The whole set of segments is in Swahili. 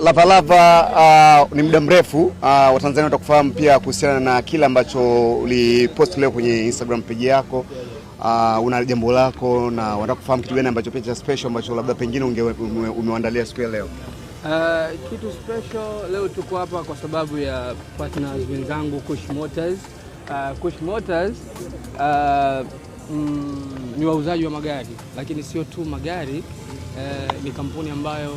Lavalava uh, ni muda mrefu uh, Watanzania watakufahamu pia kuhusiana na kile ambacho ulipost leo kwenye Instagram page yako uh, una jambo lako na wanataka kufahamu kitu gani ambacho pia special ambacho labda pengine unge umeandalia siku ya leo. Uh, kitu special leo tuko hapa kwa sababu ya partners wenzangu Kush Motors. Uh, Kush Motors uh, mm, ni wauzaji wa magari, lakini sio tu magari eh, ni kampuni ambayo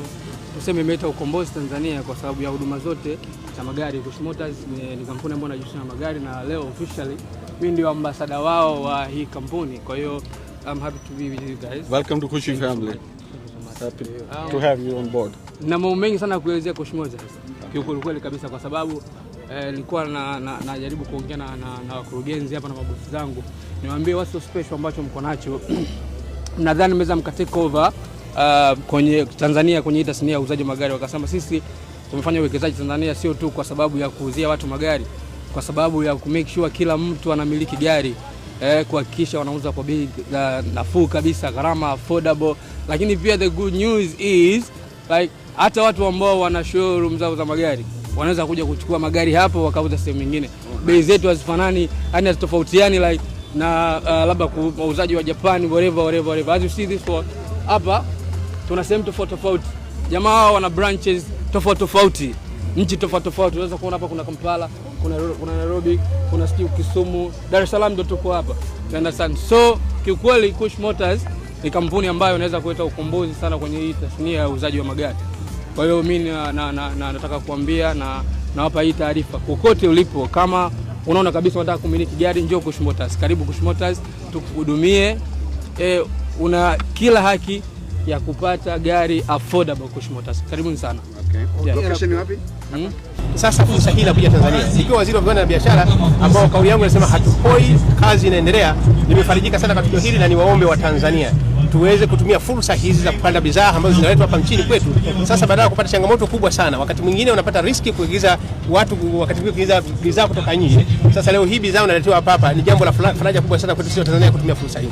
tuseme imeleta ukombozi Tanzania kwa sababu ya huduma zote za magari. Kush Motors ni, ni kampuni ambayo inajihusisha na magari na leo officially mimi ndio ambasada wao wa hii kampuni. Kwa hiyo I'm happy to be with you guys. Welcome to Kushi family. Happy um, to have you on board. Na mambo mengi sana kuelezea Kush Motors. Kiukweli kweli kabisa kwa sababu Eh, nilikuwa na najaribu na, na kuongea na, na, na wakurugenzi hapa na mabosi zangu, niwaambie what's so special ambacho mko nacho mnadhani mnaweza mkatake over uh, kwenye Tanzania kwenye tasnia ya uuzaji magari. Wakasema sisi tumefanya uwekezaji Tanzania sio tu kwa sababu ya kuuzia watu magari, kwa sababu ya ku make sure kila mtu anamiliki gari eh, kuhakikisha wanauza kwa bei nafuu kabisa, gharama affordable. Lakini pia the good news is like hata watu ambao wana showroom zao za magari wanaweza kuja kuchukua magari hapo wakauza sehemu nyingine. Bei zetu hazifanani, yani hazitofautiani like na uh, labda wauzaji wa Japan whatever whatever whatever, as you see this for hapa, tuna sehemu tofauti tofauti, jamaa hao wana branches tofauti tofauti, nchi tofauti tofauti. Unaweza kuona hapa kuna Kampala, kuna kuna Nairobi, kuna siku Kisumu, Dar es Salaam ndio tuko hapa, you understand. So kiukweli Kush Motors ni kampuni ambayo inaweza kuleta ukombozi sana kwenye hii tasnia ya uuzaji wa magari. Kwa hiyo mimi na, na, na, na, nataka kuambia na nawapa hii taarifa, kokote ulipo, kama unaona kabisa unataka kumiliki gari, njoo Kush Motors. Karibu Kush Motors tukuhudumie. E, una kila haki ya kupata gari affordable Kush Motors. Karibuni sana. Okay. Yeah. Location wapi? Hmm? Sasa fursa hii inakuja Tanzania. Nikiwa waziri wa viwanda na biashara, ambao kauli yangu inasema hatupoi, kazi inaendelea, nimefarijika sana kwa tukio hili na niwaombe wa Tanzania tuweze kutumia fursa hizi za kupanda bidhaa ambazo zinaletwa hapa nchini kwetu. Sasa badala ya kupata changamoto kubwa sana, wakati mwingine unapata riski kuingiza watu, wakati mwingine kuingiza bidhaa kutoka nje. Sasa leo hii bidhaa unaletewa hapa hapa, ni jambo la faraja kubwa sana kwetu sisi Watanzania kutumia fursa hii.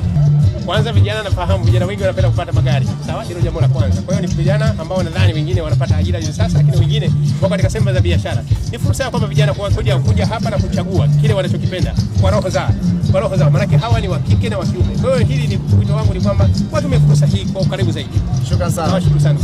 Kwanza vijana nafahamu vijana wengi wanapenda kupata magari. Sawa? Hilo jambo la kwanza. Kwa hiyo ni vijana ambao nadhani wengine wanapata ajira hiyo sasa, lakini wengine wako katika sehemu za biashara. Ni fursa ya kwamba vijana kwa kuja kuja hapa na kuchagua kile wanachokipenda kwa roho zao. Kwa roho zao. Maana hawa ni wa kike na wa kiume. Kwa hiyo hili ni wito wangu ni kwamba watumie fursa hii kwa ukaribu zaidi. Shukrani sana. Nashukuru sana.